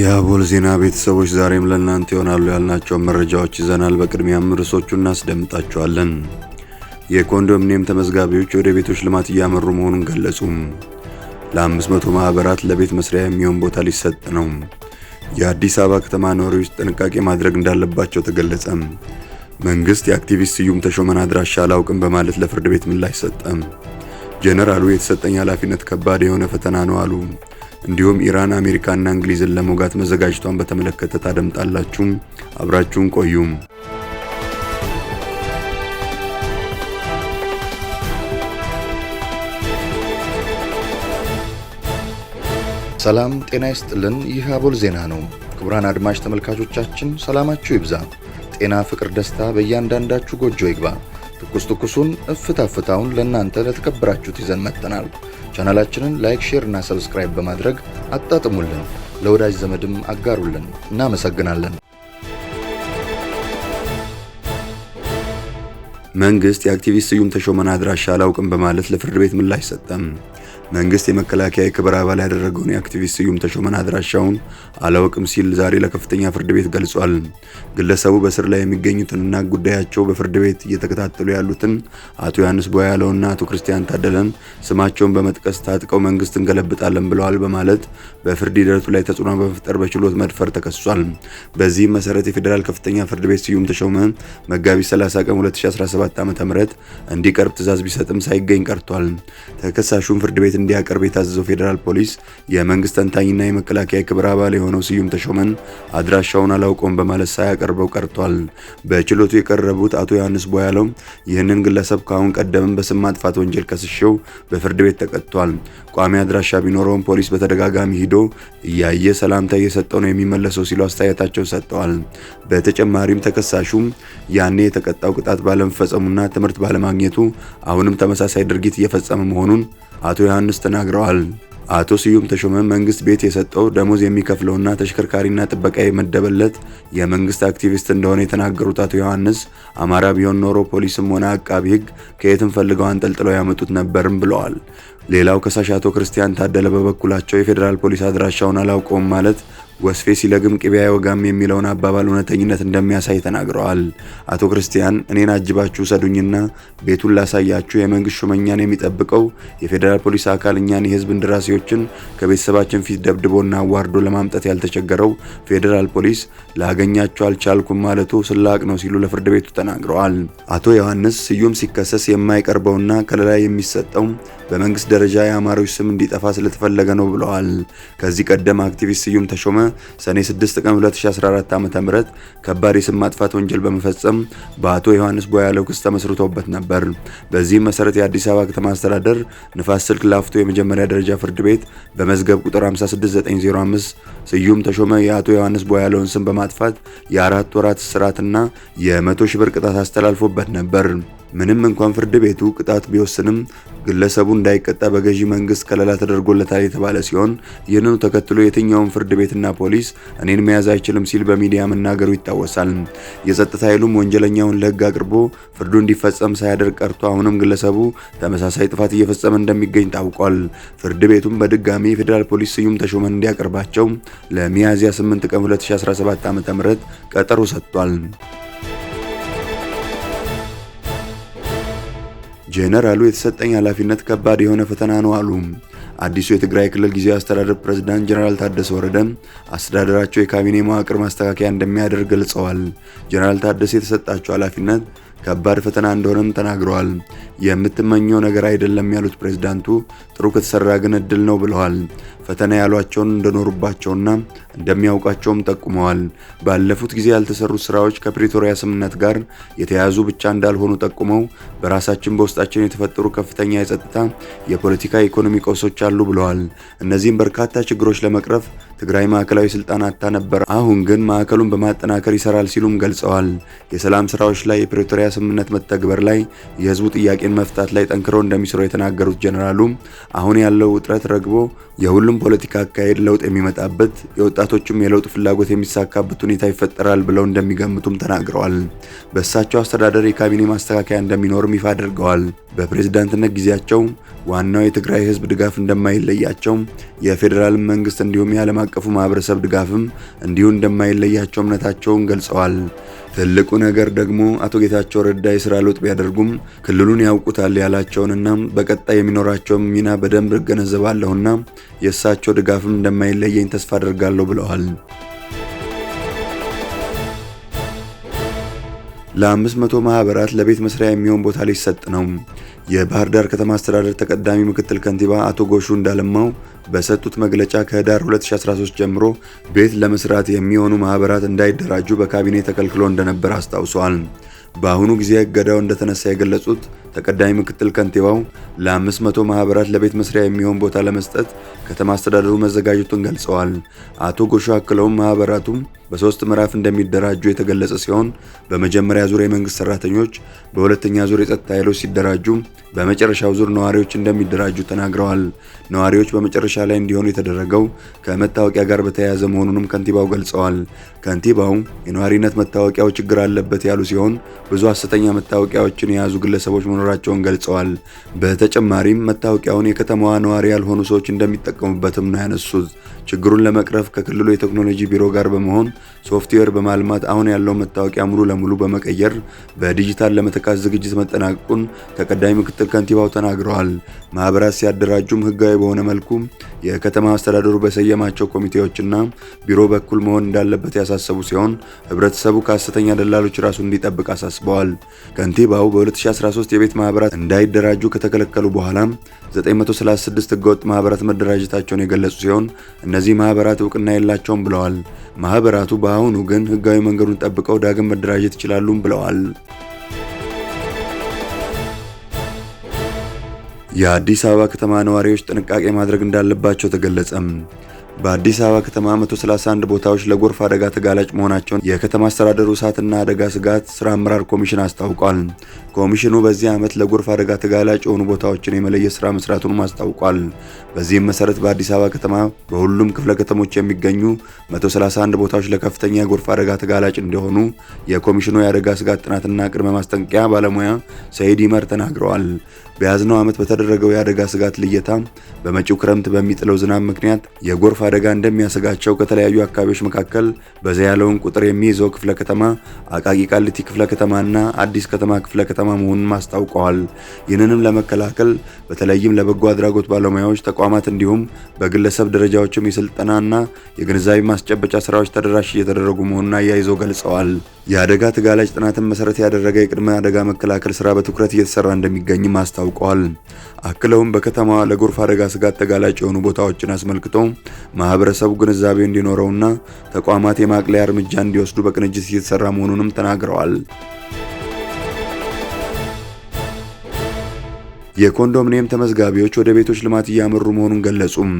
የአቦል ዜና ቤተሰቦች ዛሬም ለእናንተ ይሆናሉ ያልናቸውን መረጃዎች ይዘናል። በቅድሚያም ርዕሶቹ እናስደምጣቸዋለን። የኮንዶሚኒየም ተመዝጋቢዎች ወደ ቤቶች ልማት እያመሩ መሆኑን ገለጹ። ለ500 ማኅበራት ለቤት መስሪያ የሚሆን ቦታ ሊሰጥ ነው። የአዲስ አበባ ከተማ ነዋሪዎች ጥንቃቄ ማድረግ እንዳለባቸው ተገለጸ። መንግሥት የአክቲቪስት ስዩም ተሾመን አድራሻ አላውቅም በማለት ለፍርድ ቤት ምላሽ ሰጠም። ጄኔራሉ የተሰጠኝ ኃላፊነት ከባድ የሆነ ፈተና ነው አሉ። እንዲሁም ኢራን አሜሪካና እንግሊዝን ለመውጋት መዘጋጀቷን በተመለከተ ታደምጣላችሁም። አብራችሁን ቆዩም። ሰላም ጤና ይስጥልን። ይህ አቦል ዜና ነው። ክቡራን አድማጭ ተመልካቾቻችን ሰላማችሁ ይብዛ፣ ጤና፣ ፍቅር፣ ደስታ በእያንዳንዳችሁ ጎጆ ይግባ። ትኩስ ትኩሱን እፍታ ፍታውን ለእናንተ ለተከበራችሁት ይዘን መጥተናል። ቻናላችንን ላይክ፣ ሼር እና ሰብስክራይብ በማድረግ አጣጥሙልን፣ ለወዳጅ ዘመድም አጋሩልን። እናመሰግናለን። መንግስት የአክቲቪስት ስዩም ተሾመን አድራሻ አላውቅም በማለት ለፍርድ ቤት ምላሽ ሰጠም። መንግስት የመከላከያ የክብር አባል ያደረገውን የአክቲቪስት ስዩም ተሾመን አድራሻውን አላውቅም ሲል ዛሬ ለከፍተኛ ፍርድ ቤት ገልጿል። ግለሰቡ በስር ላይ የሚገኙትንና ጉዳያቸው በፍርድ ቤት እየተከታተሉ ያሉትን አቶ ዮሐንስ ቦያለውና አቶ ክርስቲያን ታደለን ስማቸውን በመጥቀስ ታጥቀው መንግስት እንገለብጣለን ብለዋል በማለት በፍርድ ሂደቱ ላይ ተጽዕኖ በመፍጠር በችሎት መድፈር ተከስሷል። በዚህም መሰረት የፌዴራል ከፍተኛ ፍርድ ቤት ስዩም ተሾመ መጋቢት 30 ቀን 2017 ዓ.ም እንዲቀርብ ትዕዛዝ ቢሰጥም ሳይገኝ ቀርቷል። ተከሳሹም ፍርድ ቤት እንዲያቀርብ የታዘዘው ፌዴራል ፖሊስ የመንግስት ተንታኝና የመከላከያ ክብረ አባል የሆነው ስዩም ተሾመን አድራሻውን አላውቀውም በማለት ሳያቀርበው ቀርቷል። በችሎቱ የቀረቡት አቶ ዮሐንስ ቦያለው ይህንን ግለሰብ ከአሁን ቀደምም በስም ማጥፋት ወንጀል ከስሼው በፍርድ ቤት ተቀጥቷል። ቋሚ አድራሻ ቢኖረውም ፖሊስ በተደጋጋሚ ሂዶ እያየ ሰላምታ እየሰጠው ነው የሚመለሰው ሲሉ አስተያየታቸውን ሰጥተዋል። በተጨማሪም ተከሳሹም ያኔ የተቀጣው ቅጣት ባለመፈጸሙና ትምህርት ባለማግኘቱ አሁንም ተመሳሳይ ድርጊት እየፈጸመ መሆኑን አቶ ዮሐንስ ተናግረዋል። አቶ ስዩም ተሾመ መንግስት ቤት የሰጠው ደሞዝ የሚከፍለውና ተሽከርካሪና ጥበቃ የመደበለት የመንግስት አክቲቪስት እንደሆነ የተናገሩት አቶ ዮሐንስ አማራ ቢሆን ኖሮ ፖሊስም ሆነ አቃቢ ሕግ ከየትም ፈልገው አንጠልጥለው ያመጡት ነበርም ብለዋል። ሌላው ከሳሽ አቶ ክርስቲያን ታደለ በበኩላቸው የፌዴራል ፖሊስ አድራሻውን አላውቀውም ማለት ወስፌ ሲለግም ቅቤ አይወጋም የሚለውን አባባል እውነተኝነት እንደሚያሳይ ተናግረዋል። አቶ ክርስቲያን እኔን አጅባችሁ ሰዱኝና ቤቱን ላሳያችሁ፣ የመንግስት ሹመኛን የሚጠብቀው የፌዴራል ፖሊስ አካል እኛን የህዝብ እንደራሴዎችን ከቤተሰባችን ፊት ደብድቦና አዋርዶ ለማምጣት ያልተቸገረው ፌዴራል ፖሊስ ላገኛችሁ አልቻልኩም ማለቱ ስላቅ ነው ሲሉ ለፍርድ ቤቱ ተናግረዋል። አቶ ዮሐንስ ስዩም ሲከሰስ የማይቀርበውና ከለላ የሚሰጠው በመንግስት ደረጃ የአማሪዎች ስም እንዲጠፋ ስለተፈለገ ነው ብለዋል። ከዚህ ቀደም አክቲቪስት ስዩም ተሾመ ሰኔ 6 ቀን 2014 ዓ.ም ከባድ የስም ማጥፋት ወንጀል በመፈጸም በአቶ ዮሐንስ ቦያለው ክስ ተመስርቶበት ነበር። በዚህም መሰረት የአዲስ አበባ ከተማ አስተዳደር ንፋስ ስልክ ላፍቶ የመጀመሪያ ደረጃ ፍርድ ቤት በመዝገብ ቁጥር 56905 ስዩም ተሾመ የአቶ ዮሐንስ ቦያለውን ስም በማጥፋት የአራት ወራት እስራትና የ100 ሺህ ብር ቅጣት አስተላልፎበት ነበር። ምንም እንኳን ፍርድ ቤቱ ቅጣት ቢወስንም ግለሰቡ እንዳይቀጣ በገዢ መንግስት ከለላ ተደርጎለታል የተባለ ሲሆን ይህንኑ ተከትሎ የትኛውም ፍርድ ቤትና ፖሊስ እኔን መያዝ አይችልም ሲል በሚዲያ መናገሩ ይታወሳል። የጸጥታ ኃይሉም ወንጀለኛውን ለህግ አቅርቦ ፍርዱ እንዲፈጸም ሳያደርግ ቀርቶ አሁንም ግለሰቡ ተመሳሳይ ጥፋት እየፈጸመ እንደሚገኝ ታውቋል። ፍርድ ቤቱም በድጋሚ የፌዴራል ፖሊስ ስዩም ተሾመን እንዲያቀርባቸው ለሚያዝያ 8 ቀን 2017 ዓ.ም ቀጠሮ ሰጥቷል። ጄኔራሉ የተሰጠኝ ኃላፊነት ከባድ የሆነ ፈተና ነው አሉ። አዲሱ የትግራይ ክልል ጊዜያዊ አስተዳደር ፕሬዝዳንት ጀነራል ታደሰ ወረደ አስተዳደራቸው የካቢኔ መዋቅር ማስተካከያ እንደሚያደርግ ገልጸዋል። ጀነራል ታደሰ የተሰጣቸው ኃላፊነት ከባድ ፈተና እንደሆነም ተናግረዋል። የምትመኘው ነገር አይደለም ያሉት ፕሬዝዳንቱ ጥሩ ከተሰራ ግን እድል ነው ብለዋል። ፈተና ያሏቸውን እንደኖሩባቸውና እንደሚያውቃቸውም ጠቁመዋል። ባለፉት ጊዜ ያልተሰሩት ስራዎች ከፕሪቶሪያ ስምምነት ጋር የተያያዙ ብቻ እንዳልሆኑ ጠቁመው በራሳችን በውስጣችን የተፈጠሩ ከፍተኛ የጸጥታ፣ የፖለቲካ፣ የኢኮኖሚ ቀውሶች አሉ ብለዋል። እነዚህም በርካታ ችግሮች ለመቅረፍ ትግራይ ማዕከላዊ ስልጣን አታ ነበር፣ አሁን ግን ማዕከሉን በማጠናከር ይሰራል ሲሉም ገልጸዋል። የሰላም ስራዎች ላይ የፕሪቶሪያ ስምምነት መተግበር ላይ የህዝቡ ጥያቄን መፍታት ላይ ጠንክረው እንደሚሰሩ የተናገሩት ጀኔራሉ አሁን ያለው ውጥረት ረግቦ የሁሉም ፖለቲካ አካሄድ ለውጥ የሚመጣበት የወጣ ወጣቶችም የለውጥ ፍላጎት የሚሳካበት ሁኔታ ይፈጠራል ብለው እንደሚገምቱም ተናግረዋል። በእሳቸው አስተዳደር የካቢኔ ማስተካከያ እንደሚኖርም ይፋ አድርገዋል። በፕሬዝዳንትነት ጊዜያቸው ዋናው የትግራይ ህዝብ ድጋፍ እንደማይለያቸው የፌዴራል መንግስት እንዲሁም የዓለም አቀፉ ማህበረሰብ ድጋፍም እንዲሁ እንደማይለያቸው እምነታቸውን ገልጸዋል። ትልቁ ነገር ደግሞ አቶ ጌታቸው ረዳ የስራ ለውጥ ቢያደርጉም ክልሉን ያውቁታል ያላቸውንና በቀጣይ የሚኖራቸውን ሚና በደንብ እገነዘባለሁና የእሳቸው ድጋፍም እንደማይለየኝ ተስፋ አደርጋለሁ ብለዋል። ለ500 ማህበራት ለቤት መስሪያ የሚሆን ቦታ ሊሰጥ ነው። የባህር ዳር ከተማ አስተዳደር ተቀዳሚ ምክትል ከንቲባ አቶ ጎሹ እንዳለማው በሰጡት መግለጫ ከህዳር 2013 ጀምሮ ቤት ለመስራት የሚሆኑ ማህበራት እንዳይደራጁ በካቢኔ ተከልክሎ እንደነበር አስታውሰዋል። በአሁኑ ጊዜ እገዳው እንደተነሳ የገለጹት ተቀዳሚ ምክትል ከንቲባው ለ500 ማህበራት ለቤት መስሪያ የሚሆን ቦታ ለመስጠት ከተማ አስተዳደሩ መዘጋጀቱን ገልጸዋል። አቶ ጎሾ አክለውም ማህበራቱም በሶስት ምዕራፍ እንደሚደራጁ የተገለጸ ሲሆን በመጀመሪያ ዙር የመንግስት ሰራተኞች፣ በሁለተኛ ዙር የጸጥታ ኃይሎች ሲደራጁ፣ በመጨረሻው ዙር ነዋሪዎች እንደሚደራጁ ተናግረዋል። ነዋሪዎች በመጨረሻ ላይ እንዲሆኑ የተደረገው ከመታወቂያ ጋር በተያያዘ መሆኑንም ከንቲባው ገልጸዋል። ከንቲባው የነዋሪነት መታወቂያው ችግር አለበት ያሉ ሲሆን ብዙ ሐሰተኛ መታወቂያዎችን የያዙ ግለሰቦች መኖራቸውን ገልጸዋል። በተጨማሪም መታወቂያውን የከተማዋ ነዋሪ ያልሆኑ ሰዎች እንደሚጠቀሙበትም ነው ያነሱት። ችግሩን ለመቅረፍ ከክልሉ የቴክኖሎጂ ቢሮ ጋር በመሆን ሶፍትዌር በማልማት አሁን ያለው መታወቂያ ሙሉ ለሙሉ በመቀየር በዲጂታል ለመተካት ዝግጅት መጠናቀቁን ተቀዳሚ ምክትል ከንቲባው ተናግረዋል። ማህበራት ሲያደራጁም ህጋዊ በሆነ መልኩ የከተማ አስተዳደሩ በሰየማቸው ኮሚቴዎችና ቢሮ በኩል መሆን እንዳለበት ያሳሰቡ ሲሆን ህብረተሰቡ ከሐሰተኛ ደላሎች ራሱን እንዲጠብቅ አሳስበዋል። ከንቲባው በ2013 የቤት ማህበራት እንዳይደራጁ ከተከለከሉ በኋላ 936 ህገወጥ ማህበራት መደራጀታቸውን የገለጹ ሲሆን እነዚህ ማህበራት እውቅና የላቸውም ብለዋል። ማህበራቱ በአሁኑ ግን ህጋዊ መንገዱን ጠብቀው ዳግም መደራጀት ይችላሉም ብለዋል። የአዲስ አበባ ከተማ ነዋሪዎች ጥንቃቄ ማድረግ እንዳለባቸው ተገለጸም። በአዲስ አበባ ከተማ 131 ቦታዎች ለጎርፍ አደጋ ተጋላጭ መሆናቸውን የከተማ አስተዳደሩ እሳትና አደጋ ስጋት ስራ አመራር ኮሚሽን አስታውቋል። ኮሚሽኑ በዚህ ዓመት ለጎርፍ አደጋ ተጋላጭ የሆኑ ቦታዎችን የመለየት ስራ መስራቱን አስታውቋል። በዚህም መሰረት በአዲስ አበባ ከተማ በሁሉም ክፍለ ከተሞች የሚገኙ 131 ቦታዎች ለከፍተኛ የጎርፍ አደጋ ተጋላጭ እንደሆኑ የኮሚሽኑ የአደጋ ስጋት ጥናትና ቅድመ ማስጠንቀቂያ ባለሙያ ሰይድ ይመር ተናግረዋል። በያዝነው ዓመት በተደረገው የአደጋ ስጋት ልየታ በመጪው ክረምት በሚጥለው ዝናብ ምክንያት የጎርፍ አደጋ እንደሚያሰጋቸው ከተለያዩ አካባቢዎች መካከል በዛ ያለውን ቁጥር የሚይዘው ክፍለ ከተማ አቃቂ ቃሊቲ ክፍለ ከተማና አዲስ ከተማ ክፍለ ከተማ መሆኑን አስታውቀዋል። ይህንንም ለመከላከል በተለይም ለበጎ አድራጎት ባለሙያዎች ተቋማት፣ እንዲሁም በግለሰብ ደረጃዎችም የስልጠናና የግንዛቤ ማስጨበጫ ስራዎች ተደራሽ እየተደረጉ መሆኑን አያይዘው ገልጸዋል። የአደጋ ተጋላጭ ጥናትን መሰረት ያደረገ የቅድመ አደጋ መከላከል ስራ በትኩረት እየተሰራ እንደሚገኝም አስታውቀዋል። አስታውቀዋል። አክለውም በከተማዋ ለጎርፍ አደጋ ስጋት ተጋላጭ የሆኑ ቦታዎችን አስመልክቶ ማህበረሰቡ ግንዛቤ እንዲኖረውና ተቋማት የማቅለያ እርምጃ እንዲወስዱ በቅንጅት እየተሰራ መሆኑንም ተናግረዋል። የኮንዶሚኒየም ተመዝጋቢዎች ወደ ቤቶች ልማት እያመሩ መሆኑን ገለጹም።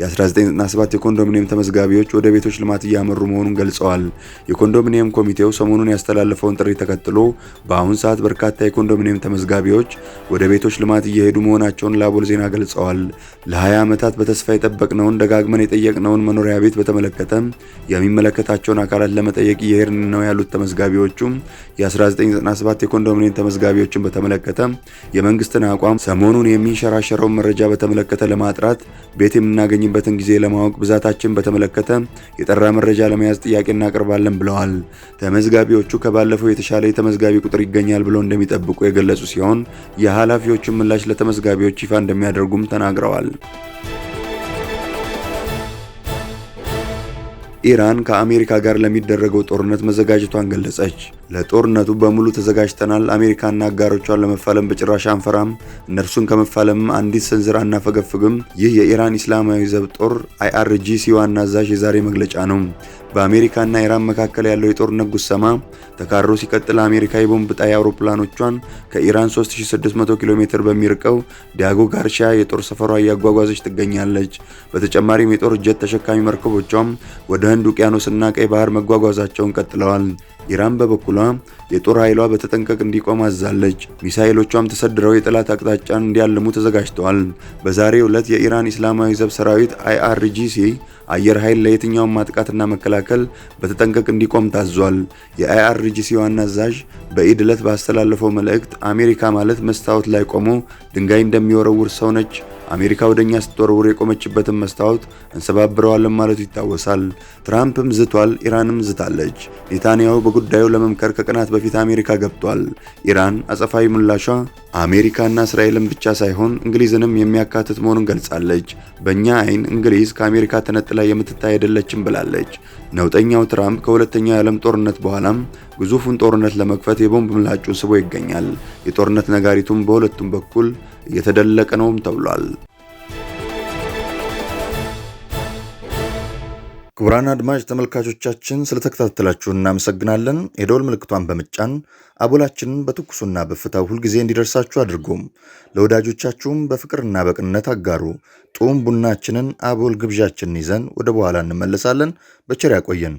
የ1997 የኮንዶሚኒየም ተመዝጋቢዎች ወደ ቤቶች ልማት እያመሩ መሆኑን ገልጸዋል። የኮንዶሚኒየም ኮሚቴው ሰሞኑን ያስተላለፈውን ጥሪ ተከትሎ በአሁን ሰዓት በርካታ የኮንዶሚኒየም ተመዝጋቢዎች ወደ ቤቶች ልማት እየሄዱ መሆናቸውን ላቦል ዜና ገልጸዋል። ለ20 ዓመታት በተስፋ የጠበቅነውን ደጋግመን የጠየቅነውን መኖሪያ ቤት በተመለከተ የሚመለከታቸውን አካላት ለመጠየቅ እየሄድን ነው ያሉት ተመዝጋቢዎቹም የ1997 የኮንዶሚኒየም ተመዝጋቢዎችን በተመለከተ የመንግስትን አቋም ሰሞኑን የሚንሸራሸረውን መረጃ በተመለከተ ለማጥራት ቤት የምናገኘ የምንገኝበትን ጊዜ ለማወቅ ብዛታችን በተመለከተ የጠራ መረጃ ለመያዝ ጥያቄ እናቀርባለን ብለዋል። ተመዝጋቢዎቹ ከባለፈው የተሻለ የተመዝጋቢ ቁጥር ይገኛል ብለው እንደሚጠብቁ የገለጹ ሲሆን የኃላፊዎቹን ምላሽ ለተመዝጋቢዎች ይፋ እንደሚያደርጉም ተናግረዋል። ኢራን ከአሜሪካ ጋር ለሚደረገው ጦርነት መዘጋጀቷን ገለጸች። ለጦርነቱ በሙሉ ተዘጋጅተናል። አሜሪካና አጋሮቿን ለመፋለም በጭራሽ አንፈራም። እነርሱን ከመፋለም አንዲት ስንዝር አናፈገፍግም። ይህ የኢራን ኢስላማዊ ዘብ ጦር አይአርጂሲ ዋና አዛዥ የዛሬ መግለጫ ነው። በአሜሪካና ኢራን መካከል ያለው የጦርነት ጉሰማ ተካሮ ሲቀጥል አሜሪካ የቦምብ ጣይ አውሮፕላኖቿን ከኢራን 3600 ኪሎ ሜትር በሚርቀው ዲያጎ ጋርሻ የጦር ሰፈሯ እያጓጓዘች ትገኛለች። በተጨማሪም የጦር ጀት ተሸካሚ መርከቦቿም ወደ ህንድ ውቅያኖስና ቀይ ባህር መጓጓዛቸውን ቀጥለዋል። ኢራን በበኩሏ የጦር ኃይሏ በተጠንቀቅ እንዲቆም አዛለች። ሚሳኤሎቿም ተሰድረው የጠላት አቅጣጫን እንዲያልሙ ተዘጋጅተዋል። በዛሬው ዕለት የኢራን ኢስላማዊ ዘብ ሰራዊት አይአርጂሲ አየር ኃይል ለየትኛውም ማጥቃትና መከላከል በተጠንቀቅ እንዲቆም ታዟል። የአይአርጂሲ ዋና አዛዥ በኢድ ዕለት ባስተላለፈው መልእክት አሜሪካ ማለት መስታወት ላይ ቆሞ ድንጋይ እንደሚወረውር ሰው ነች አሜሪካ ወደ እኛ ስትወረውር የቆመችበትን መስታወት እንሰባብረዋለን ማለቱ ይታወሳል። ትራምፕም ዝቷል፣ ኢራንም ዝታለች። ኔታንያሁ በጉዳዩ ለመምከር ከቀናት በፊት አሜሪካ ገብቷል። ኢራን አጸፋዊ ምላሿ አሜሪካና እስራኤልን ብቻ ሳይሆን እንግሊዝንም የሚያካትት መሆኑን ገልጻለች። በእኛ አይን እንግሊዝ ከአሜሪካ ተነጥላ የምትታይ አይደለችም ብላለች። ነውጠኛው ትራምፕ ከሁለተኛው የዓለም ጦርነት በኋላም ግዙፉን ጦርነት ለመክፈት የቦምብ ምላጩን ስቦ ይገኛል። የጦርነት ነጋሪቱም በሁለቱም በኩል የተደለቀ ነውም ተብሏል። ክቡራን አድማጭ ተመልካቾቻችን ስለተከታተላችሁ እናመሰግናለን። የደወል ምልክቷን በምጫን አቦላችንን በትኩሱና በፍታው ሁልጊዜ እንዲደርሳችሁ አድርጎም ለወዳጆቻችሁም በፍቅርና በቅንነት አጋሩ። ጡም ቡናችንን አቦል ግብዣችንን ይዘን ወደ በኋላ እንመለሳለን። በቸር ያቆየን።